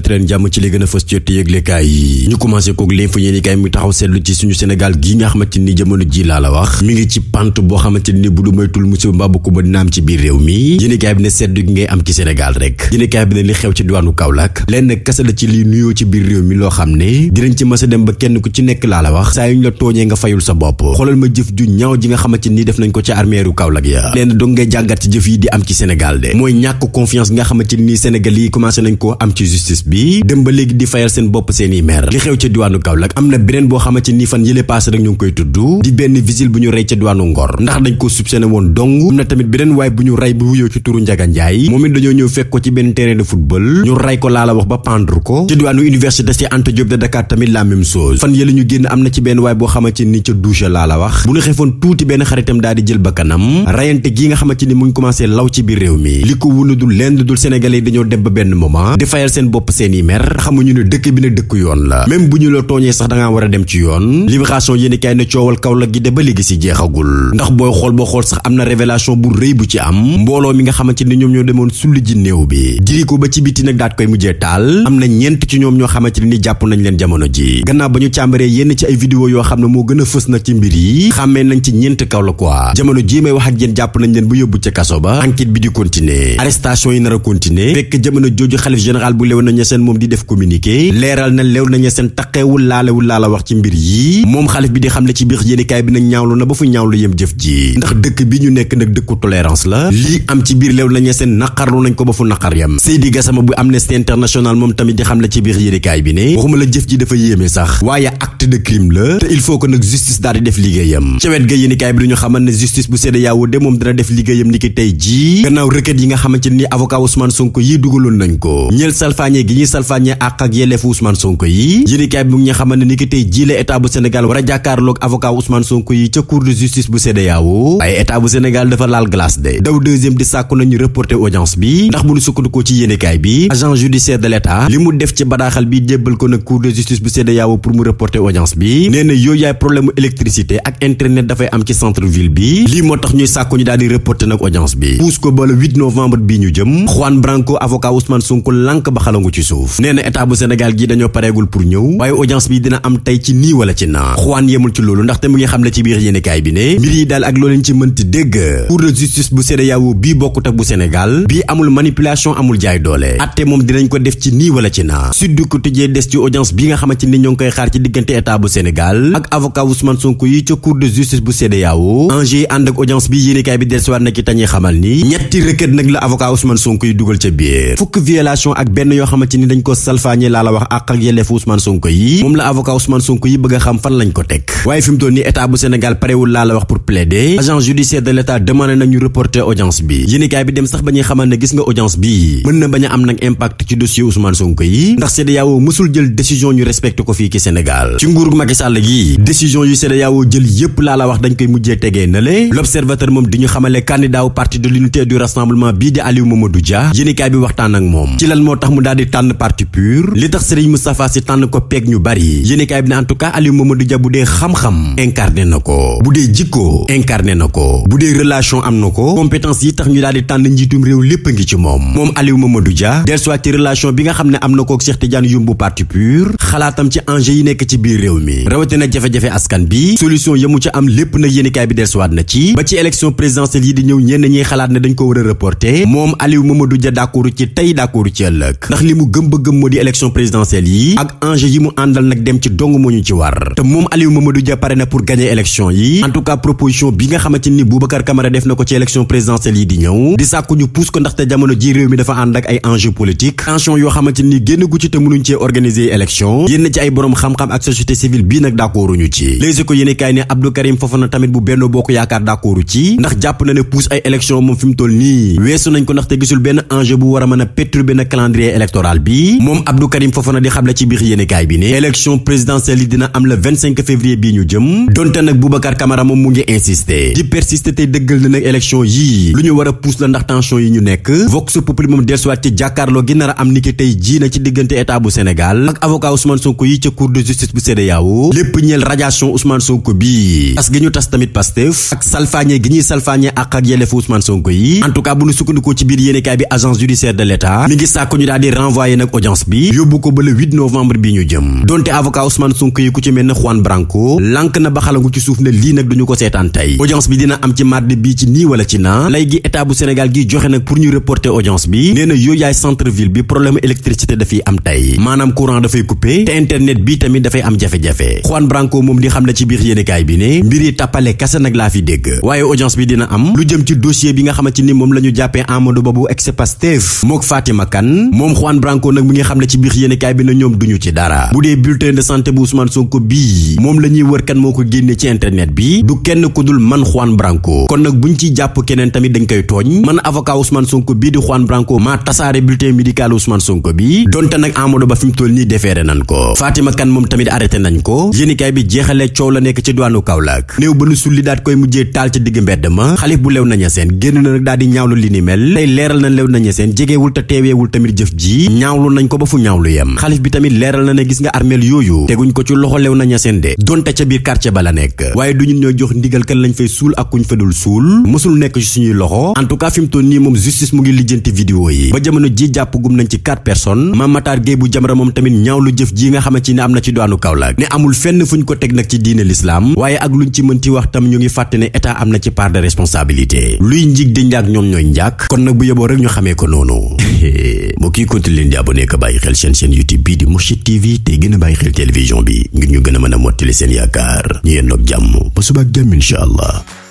leen jàmm ci li gën a fës ci yëglekaay yi ñu commencé kook leen fa yéenekaay suñu Sénégal gi nga xamante ni jamono ji laa la wax mi ngi ci pant boo xamante ni bu du moytul musiba mbaa ko ba dina am ci biir réew mi yéenekaay bi ne seddu gi am ci Sénégal rek yéenekaay bi ne li xew ci diwaanu Kaolack lenn kese la ci li nuyoo ci biir réew mi loo xam ne dinañ ci mës dem ba kenn ku ci nekk laa la wax saa yu ñu la tooñee nga fayul sa bopp xoolal ma jëf ju ñaw ji nga xamante ni def nañ ko ci armeeru Kaolack ya lenn dong ngay jàngat ci jëf yi di am ci Sénégal de mooy ñàkk confiance nga xamante nii Sénégal yi commencé nañ ko am ci justice bés bi dem ba léegi di fayal seen bopp seen i li xew ca diwaanu Kaolack am na beneen boo xamante ni fan yële passé rek ñu ngi koy tudd di benn vigile bu ñu rey ca diwaanu Ngor ndax dañ ko soupçonné woon dong am na tamit beneen waay bu ñu rey bu wuyoo ci turu Njaga Njaay moom it dañoo ñëw fekk ko ci benn terrain de football ñu rey ko laa la wax ba pendre ko ca diwaanu université Cheikh Anta Diop de Dakar tamit la même chose fan yële ñu génn am na ci benn waay bopp seen i mer xamuñu ne dëkk bi ne dëkk yoon la même bu ñu la tooñee sax dangaa war a dem ci yoon libération yéen kaay na coowal Kaolack gi de ba léegi si jeexagul ndax booy xool boo xool sax am na révélation bu rëy bu ci am mbooloo mi nga xamante ni ñoom ñoo demoon sulli ji néew bi jiri ko ba ci biti nag daat koy mujjee taal na ñeent ci ñoom ñoo xamante ni jàpp nañ leen jamono ji gannaaw ba ñu càmbaree yenn ci ay vidéo yoo xam ne moo gën a fës nag ci mbir yi xàmmee nañ ci ñeent Kaolack quoi jamono ji may wax ak yéen jàpp nañ leen bu yóbbu ba enquête bi di continuer a continuer Niassène moom di def communiqué leeral na Léona Niassène taqeewul laalewul laala wax ci mbir yi moom xalif bi di xam ci biir yéenekaay bi nag ñu nekk nag dëkku bu Amnesty International de moom dina def liggéeyam ni ki tey jii gannaaw requête yi nga xamante ni avocat Ousmane Sonko yi dugaloon nañ ko ñeel salfaañe salfaañe gi ñuy salfaañe àq ak yelleefu Ousmane Sonko yi yéenekaay bi mu ñu xamal ni ki tey jile état Sénégal war a avocat Ousmane Sonko yi ca cour de justice bu CEDEAO waaye état Sénégal dafa laal glace de daw deuxième di sàkku nañu reporter audience bi ndax bu ñu sukkandikoo ci yéenekaay bi agent judiciaire de l'état li mu def ci badaaxal bi jébbal ko nag cour de justice bu CEDEAO pour mu reporter audience bi nee na yooyu ci suuf nee na état bu Sénégal gi dañoo pareegul pour ñëw waaye audience bi dina am tey ci nii wala ci naa xuwaan yemul ci loolu ndaxte mu ngi xam ne ci biir yéenekaay bi ne mbir yi daal ak loo ci mënti dégg cour de justice bu CEDEAO bii bokkut ak bu Sénégal bii amul manipulation amul jaay doole atte moom dinañ ko def ci nii wala ci naa sud du quotidien des ci audience bi nga xamante ni ñoo ngi koy xaar ci diggante état bu Sénégal ak avocat Ousmane Sonko yi ca e e bi bi dellusiwaat na ki tañuy xamal ni ñetti requête nag la avocat Ousmane yi dugal ca biir fukk benn yoo xam xamante ni dañ ko salfaañe laa la wax àq yelleefu Ousmane Sonko yi moom la avocat Ousmane Sonko yi bëgg xam fan lañ ko teg waaye fi mu ni état bu Sénégal parewul laa la wax pour plaider agent judiciaire de l'état demandé nañu reporter audience bi yéenekaay bi dem sax ba xamal ne gis nga audience bi mën na bañ am nag impact ci dossier Ousmane Sonko yi ndax CEDEAO mësul jël décision ñu respecté ko fii ci Sénégal ci nguuru Macky Sall gi tànn parti pur li tax Serigne Moustapha Sy tànn ko peeg ñu bari yéenekaay bi ne en tout cas bu dee xam-xam incarné na ko bu dee jikko incarné na ko bu dee relation am na ko compétence yi tax ñu daal di tànn njiitum réew lépp a ngi ci moom moom Aliou Mamadou Dia dellusiwaat ci relation bi nga xam ne am na ko ak Cheikh Tidiane Youm bu parti pur xalaatam ci enjeu yi nekk ci biir réew mi rawatina jafe-jafe askan bi solution yamu ci am lépp nag yéenekaay bi dellusiwaat na ci ba ci élection présidentielle yi di ñëw ñenn ñiy xalaat ne dañ ko war a reporter moom Aliou Mamadou Dia tey d'accord ci ëllëg mu gëm ba gëm moo di élection présidentielle yi ak enjeu yi mu àndal nag dem ci dong moo ci war te moom Aliou Mamadou Dia pare na pour gagner élection yi en présidentielle yi di ñëw di sàkku ñu pousse ko ndaxte jamono ji réew mi dafa ànd ak ay enjeu politique tension yoo xamante ni génn gu te mënuñ cee organiser élection yénn ci ay boroom xam-xam ak société civile bii nag d'accorduñu ci Les Échos yéene kaay ne Abdou Karim Fofana tamit bu électorale bi moom Abdou Karim di xamle ci biir yéenekaay bi ne élection présidentielle dina am le février bii ñu jëm donte nag Boubacar Camara moom mu ngi insister di persister te dëggal nag élection yii lu ñu war a la ndax tension yi ñu nekk Vox Populi moom dellusiwaat ci jàkkaarloo gi nar a am niki tey jii na ci diggante état bu Sénégal ak avocat Ousmane Sonko yi ca cour de justice bu CEDEAO lépp ñeel radiation Ousmane Sonko bii tas gi ñu tas tamit Pastef renvoyé nag audience bi yóbbu ko ba le 8 bi ñu jëm donte avocat Ousmane Sonko yi ku ci mel ne Juan Branco lànk na ba xalangu ci suuf ne lii nag duñu ko seetaan tey audience bi dina am ci mardi bi problème électricité dafay am tey maanaam courant dafay coupé te internet bi tamit dafay am jafe-jafe Juan Branco moom di xam ne ci biir yéenekaay bi ne mbir tàppale kase nag laa fi dégg waaye audience bi dina am lu jëm ci dossier bi nga xamante la ñu Branco nag mi ngi xam ne ci biir yéenekaay bi na ñoom duñu ci dara bu dee bulletin de santé bu Ousmane Sonko bii moom la ñuy wër kan moo ko génne ci internet bi du kenn ku dul man Juan Branco kon nag bu ñu ciy jàpp keneen tamit dañ koy tooñ man avocat Ousmane sonk bii di Juan Branco maa tasaare bulletin médical Ousmane Sonko bi donte nag Amadou Ba fi mu toll nii defeere nan ko Fatima Kan moom tamit arrêté nañ ko yéenekaay bi jeexalee coow la nekk ci duwaanu Kaolack néew ba koy mujjee taal ci digg mbedd ma xalif bu lew naña seen génn na nag daal di ñaawlu li ni mel tey na lew naña seen jegeewul te teeweewul tamit jëf ji ñaawlu nañ ko ba fu ñaawlu yem xalif bi tamit leeral na ne gis nga armeel yooyu teguñ ko ci loxo lew na ña seen de donte ca biir quartier ba la nekk waaye du ñun ñooy jox ndigal kan lañ fay suul ak kuñ fedul suul mësul nekk suñuy loxo en tout cas fi mu toll nii moom justice mu ngi lijjanti vidéo yi ba jamono ji jàpp gum nañ ci quatre bu Jamra moom tamit ñaawlu ji nga xamante ne am na ci doonu Kaolack ne amul fenn fuñ ko teg nag ci diine l'islam waaye ak luñ ci mënti wax tam ñu ngi fàtte ne état am na ci part de responsabilité luy njig di njaag ñoom ñooy njaag kon nag bu yeboo rek ñu xamee ko noonu moo kii leen di abonné ka bàyyi xel seen seen YouTube bii di Mourchid TV te gën a bàyyi xel télévision bi ngir ñu gën a mën a mottali seen yaakaar ñu yendoog jàmm ba subaak jàmm incha allah